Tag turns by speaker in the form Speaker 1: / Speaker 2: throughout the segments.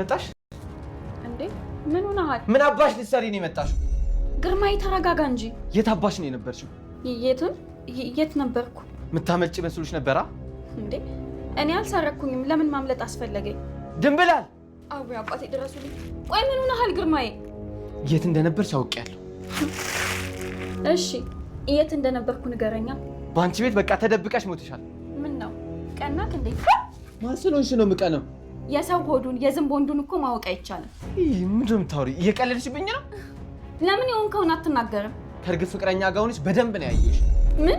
Speaker 1: መጣሽ
Speaker 2: እንዴ? ምን ሆነሃል?
Speaker 1: ምን አባሽ ልትሰሪ ነው የመጣሽው?
Speaker 2: ግርማዬ ተረጋጋ እንጂ።
Speaker 1: የት አባሽ ነው የነበርሽው?
Speaker 2: የትም የት ነበርኩ?
Speaker 1: የምታመልጭ መስሎሽ ነበራ
Speaker 2: እንዴ? እኔ አልሰረኩኝም። ለምን ማምለጥ አስፈለገኝ? ድንብላል አቡ አባቴ ድረሱልኝ። ቆይ ምን ሆነሃል ግርማዬ?
Speaker 1: የት እንደነበርሽ አውቄያለሁ።
Speaker 2: እሺ የት እንደነበርኩ ንገረኛ።
Speaker 1: በአንቺ ቤት በቃ ተደብቀሽ ሞትሻል።
Speaker 2: ምን ነው ቀናት እንዴ?
Speaker 1: ማን ስለሆንሽ ነው የምቀነው?
Speaker 2: የሰው ሆዱን የዝንብ ወንዱን እኮ ማወቅ አይቻልም።
Speaker 1: ምንድን ነው የምታወሪው? እየቀለድሽብኝ ነው።
Speaker 2: ለምን የሆንከውን አትናገርም?
Speaker 1: ከእርግብ ፍቅረኛ ጋር በደንብ ነው ያየሽ።
Speaker 2: ምን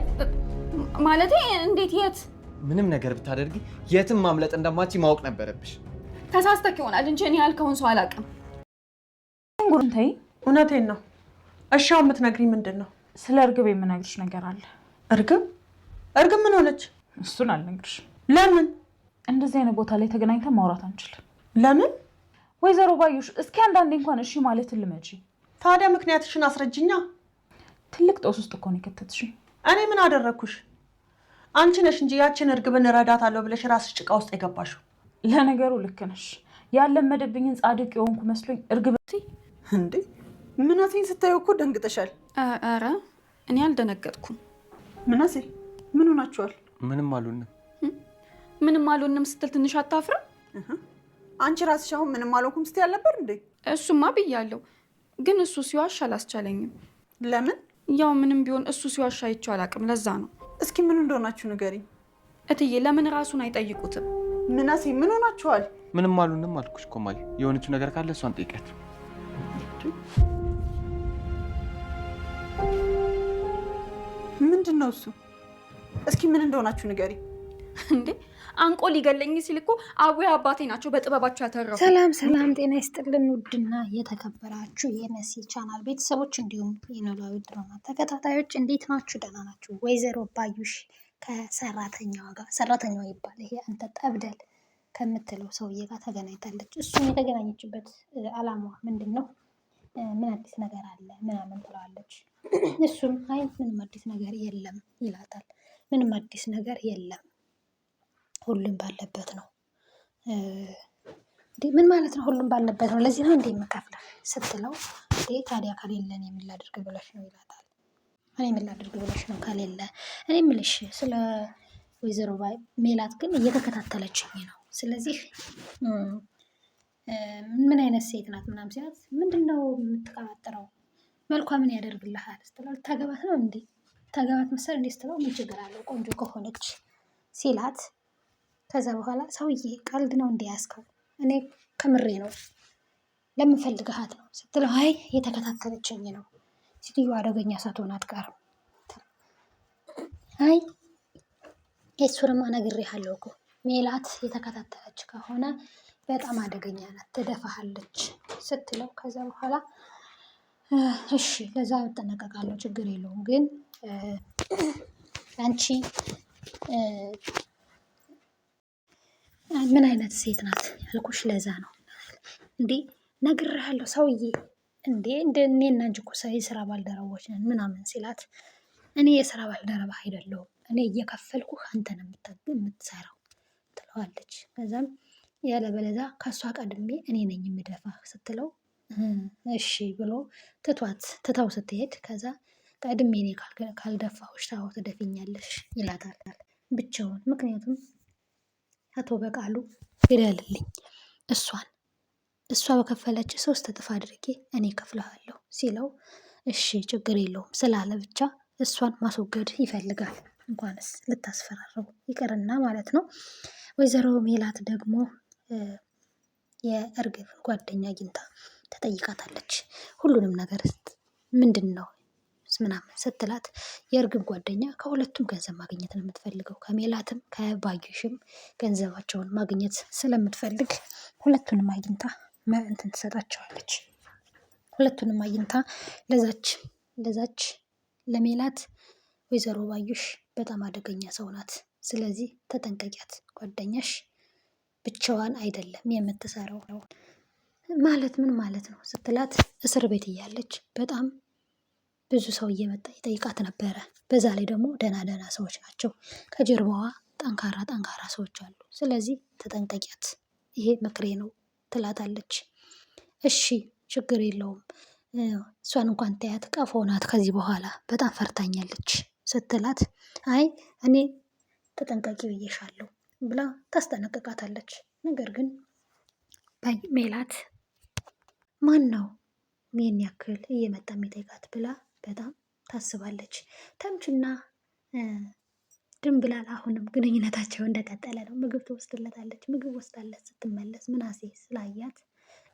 Speaker 2: ማለቴ? እንዴት? የት?
Speaker 1: ምንም ነገር ብታደርጊ የትም ማምለጥ እንደማች ማወቅ ነበረብሽ።
Speaker 2: ተሳስተክ ይሆናል እንጂ እኔ ያልከውን ሰው አላውቅም። ጉንተይ፣
Speaker 3: እውነቴን ነው። እሻው የምትነግሪ ምንድን ነው?
Speaker 2: ስለ እርግብ የምነግርሽ ነገር አለ።
Speaker 3: እርግብ? እርግብ ምን ሆነች?
Speaker 2: እሱን አልነግርሽ። ለምን? እንደዚህ አይነት ቦታ ላይ ተገናኝተን ማውራት አንችልም። ለምን? ወይዘሮ ባዩሽ እስኪ አንዳንዴ እንኳን እሺ ማለት ልመጂ።
Speaker 3: ታዲያ ምክንያትሽን አስረጅኛ።
Speaker 2: ትልቅ ጦስ ውስጥ እኮ ነው የከተትሽኝ።
Speaker 3: እኔ ምን አደረግኩሽ? አንቺ ነሽ እንጂ ያችን እርግብን እረዳታለሁ ብለሽ ራስሽ ጭቃ ውስጥ የገባሽው።
Speaker 2: ለነገሩ ልክ ነሽ። ያለመደብኝን ጻድቅ የሆንኩ መስሎኝ እርግብ
Speaker 3: እንዴ ምናሴን ስታዩ እኮ ደንግጠሻል።
Speaker 2: ኧረ እኔ አልደነገጥኩም።
Speaker 3: ምናሴ ምን ሆናችኋል?
Speaker 1: ምንም አሉንም
Speaker 2: ምንም አልሆንም ስትል ትንሽ አታፍርም?
Speaker 3: አንቺ ራስሽ አሁን ምንም አልሆንኩም ስትይ ነበር እንዴ?
Speaker 2: እሱማ ብያለሁ፣ ግን እሱ ሲዋሽ አላስቻለኝም። ለምን? ያው ምንም ቢሆን እሱ ሲዋሽ አይቼው አላውቅም፣ ለዛ ነው።
Speaker 3: እስኪ ምን እንደሆናችሁ ንገሪኝ
Speaker 2: እትዬ። ለምን ራሱን አይጠይቁትም?
Speaker 3: ምናሴ ምን ሆናችኋል?
Speaker 1: ምንም አልሆንም አልኩሽ እኮ ማየ። የሆነችው ነገር ካለ እሷን ጠይቀት።
Speaker 3: ምንድን ነው እሱ? እስኪ ምን እንደሆናችሁ ንገሪኝ
Speaker 2: እንዴ አንቆ ሊገለኝ ሲል እኮ አቡ አባቴ ናቸው በጥበባቸው ያተረፉ። ሰላም ሰላም፣ ጤና ይስጥልን ውድና የተከበራችሁ የነሲ ቻናል ቤተሰቦች እንዲሁም የኖላዊ ድራማ ተከታታዮች እንዴት ናችሁ? ደህና ናችሁ? ወይዘሮ ባዩሽ ከሰራተኛዋ ጋር ሰራተኛዋ ይባል ይሄ አንተ ጠብደል ከምትለው ሰውዬ ጋር ተገናኝታለች። እሱም የተገናኘችበት አላማዋ ምንድን ነው? ምን አዲስ ነገር አለ ምናምን ትለዋለች። እሱም አይ ምንም አዲስ ነገር የለም ይላታል። ምንም አዲስ ነገር የለም ሁሉም ባለበት ነው። እንዴ ምን ማለት ነው? ሁሉም ባለበት ነው ለዚህ ነው እንዴ የምከፍልህ ስትለው እንዴ ታዲያ ከሌለ እኔ ብለሽ ነው ይላታል። እኔ ምን ብለሽ ነው ከሌለ እኔ ምልሽ ስለ ወይዘሮ ሜላት ግን እየተከታተለችኝ ነው። ስለዚህ ምን አይነት ሴት ናት ምናምን ሲላት ምንድን ነው የምትቀባጥረው መልኳ ምን ያደርግልሃል ስትለው ልታገባት ነው እንዴ ታገባት መሰል እንዴ ስትለው ምን ችግር አለው ቆንጆ ከሆነች ሲላት ከዛ በኋላ ሰውዬ ቀልድ ነው እንዲያስከው እኔ ከምሬ ነው ለምፈልግሃት ነው ስትለው፣ አይ የተከታተለችኝ ነው። ሴትዮ አደገኛ ሳትሆን አትቀርም። አይ የሱርማ ነግሬሃለሁ እኮ ሜላት የተከታተለች ከሆነ በጣም አደገኛ ናት፣ ትደፋሃለች ስትለው፣ ከዛ በኋላ እሺ ለዛ እጠነቀቃለሁ፣ ችግር የለውም ግን አንቺ ምን አይነት ሴት ናት ያልኩሽ ለዛ ነው። እንዴ ነግሬሃለሁ ሰውዬ እንዴ እንደ እኔ እና እንጂ እኮ የስራ ባልደረቦች ነን ምናምን ሲላት፣ እኔ የስራ ባልደረባ አይደለሁም እኔ እየከፈልኩህ ነው የምትሰራው ትለዋለች። ከዛም ያለበለዛ ከእሷ ቀድሜ እኔ ነኝ የምደፋ ስትለው እሺ ብሎ ትቷት ትተው ስትሄድ፣ ከዛ ቀድሜ እኔ ካልደፋሁሽ ታው ትደፊኛለሽ ይላታል ብቻውን ምክንያቱም አቶ በቃሉ ግደልልኝ፣ እሷን እሷ በከፈለች ሶስት እጥፍ አድርጌ እኔ ከፍለዋለሁ ሲለው እሺ ችግር የለውም ስላለ ብቻ እሷን ማስወገድ ይፈልጋል። እንኳንስ ልታስፈራረው ይቅርና ማለት ነው። ወይዘሮ ሜላት ደግሞ የእርግብ ጓደኛ አግኝታ ተጠይቃታለች። ሁሉንም ነገር ምንድን ነው ምናምን ስትላት የእርግብ ጓደኛ ከሁለቱም ገንዘብ ማግኘት ነው የምትፈልገው። ከሜላትም ከባዩሽም ገንዘባቸውን ማግኘት ስለምትፈልግ ሁለቱንም አግኝታ እንትን ትሰጣቸዋለች። ሁለቱንም አግኝታ ለዛች ለዛች ለሜላት ወይዘሮ ባዩሽ በጣም አደገኛ ሰው ናት። ስለዚህ ተጠንቀቂያት። ጓደኛሽ ብቻዋን አይደለም የምትሰራው ነው ማለት ምን ማለት ነው ስትላት እስር ቤት እያለች በጣም ብዙ ሰው እየመጣ ይጠይቃት ነበረ። በዛ ላይ ደግሞ ደህና ደህና ሰዎች ናቸው። ከጀርባዋ ጠንካራ ጠንካራ ሰዎች አሉ። ስለዚህ ተጠንቀቂያት፣ ይሄ ምክሬ ነው ትላታለች። እሺ ችግር የለውም እሷን እንኳን ታያት ቀፎናት ከዚህ በኋላ በጣም ፈርታኛለች ስትላት፣ አይ እኔ ተጠንቀቂ ብዬሻለሁ ብላ ታስጠነቅቃታለች። ነገር ግን ሜላት ማን ነው ይህን ያክል እየመጣ የሚጠይቃት ብላ በጣም ታስባለች። ተምችና ድንብላል አሁንም ግንኙነታቸው እንደቀጠለ ነው። ምግብ ትወስድለታለች። ምግብ ወስዳለት ስትመለስ ምናሴ ስላያት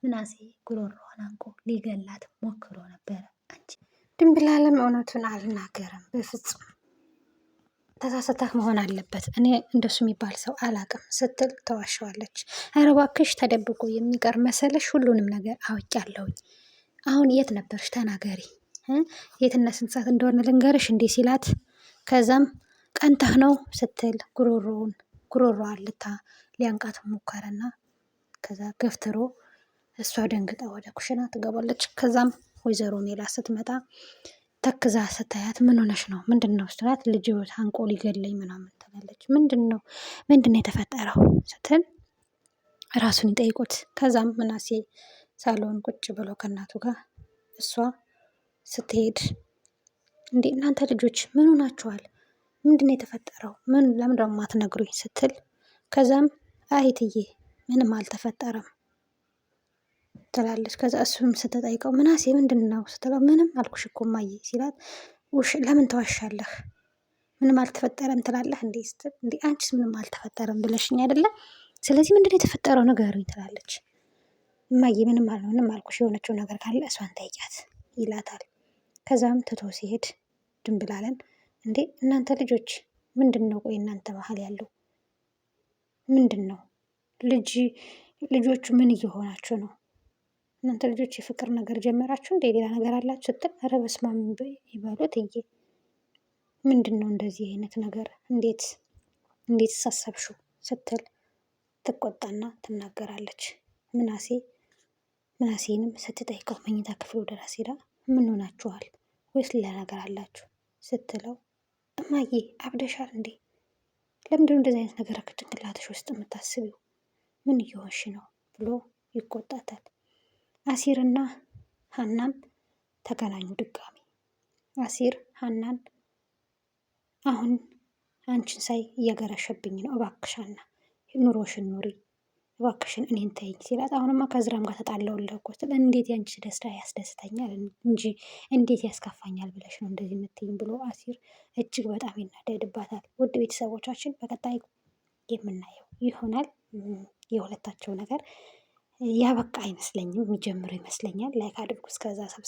Speaker 2: ምናሴ ጉሮሮዋን አንቆ ሊገላት ሞክሮ ነበረ። አንቺ ድንብላልም እውነቱን አልናገርም በፍጹም ተሳስተህ መሆን አለበት። እኔ እንደሱ የሚባል ሰው አላቅም ስትል ተዋሸዋለች። ኧረ እባክሽ ተደብቆ የሚቀር መሰለሽ? ሁሉንም ነገር አውቄያለሁኝ። አሁን የት ነበርሽ? ተናገሪ የትና ስንት ሰዓት እንደሆነ ልንገርሽ እንዴ ሲላት፣ ከዛም ቀንተህ ነው ስትል ጉሮሮውን ጉሮሮዋን ልታ ሊያንቃት ሞከረና ከዛ ገፍትሮ እሷ ደንግጣ ወደ ኩሽና ትገባለች። ከዛም ወይዘሮ ሜላ ስትመጣ ተክዛ ስታያት ምን ሆነሽ ነው ምንድን ነው ስትላት፣ ልጅ አንቆ ሊገለኝ ምናምን ትላለች። ምንድን ነው ምንድን ነው የተፈጠረው ስትል ራሱን ይጠይቁት። ከዛም ምናሴ ሳሎን ቁጭ ብሎ ከእናቱ ጋር እሷ ስትሄድ እንዴ እናንተ ልጆች ምን ሆናችኋል? ምንድን ነው የተፈጠረው? ምን ለምን ነው የማትነግሩኝ? ስትል ከዛም አይትዬ ምንም አልተፈጠረም ትላለች። ከዛ እሱም ስትጠይቀው ምናሴ ምንድን ነው ስትለው ምንም አልኩሽ እኮ እማዬ ሲላት ውሽ ለምን ተዋሻለህ? ምንም አልተፈጠረም ትላለህ እንዴ ስትል እንዴ አንቺስ ምንም አልተፈጠረም ብለሽኝ አይደለም ስለዚህ ምንድን ነው የተፈጠረው ንገሩኝ ትላለች። እማዬ ምንም አልሆንም አልኩሽ የሆነችው ነገር ካለ እሷን ጠይቂያት ይላታል። ከዛም ትቶ ሲሄድ ድንብላለን እንዴ እናንተ ልጆች ምንድን ነው ቆይ እናንተ ባህል ያለው ምንድን ነው? ልጅ ልጆቹ ምን እየሆናችሁ ነው? እናንተ ልጆች የፍቅር ነገር ጀመራችሁ እንደ ሌላ ነገር አላችሁ ስትል ኧረ በስመ አብ ይበሉት እዬ ምንድን ነው እንደዚህ አይነት ነገር እንዴት እንዴት ሳሰብሹ ስትል ትቆጣና ትናገራለች። ምናሴ ምናሴንም ስትጠይቀው መኝታ ክፍሉ ድረስ ሄዳ ምን ሆናችኋል? ወይስ ሌላ ነገር አላችሁ? ስትለው እማዬ አብደሻል እንዴ? ለምንድነው እንደዚህ አይነት ነገር ከጭንቅላትሽ ውስጥ የምታስቢው? ምን እየሆንሽ ነው? ብሎ ይቆጣታል። አሲርና ሀናም ተገናኙ ድጋሚ። አሲር ሀናን አሁን አንቺን ሳይ እየገረሸብኝ ነው፣ እባክሻና ኑሮሽን ኑሪ እባክሽን እኔን ተይኝ ሲላት አሁንማ ከዝራም ጋር ተጣለውልህ እኮ ስለ እንዴት ያንቺ ደስታ ያስደስተኛል እንጂ እንዴት ያስከፋኛል ብለሽ ነው እንደዚህ የምትይኝ ብሎ አሲር እጅግ በጣም ይናደድባታል። ውድ ቤተሰቦቻችን በቀጣይ የምናየው ይሆናል። የሁለታቸው ነገር ያበቃ አይመስለኝም፣ የሚጀምሩ ይመስለኛል። ላይክ አድርጉ እስከዛ ሰብሰብ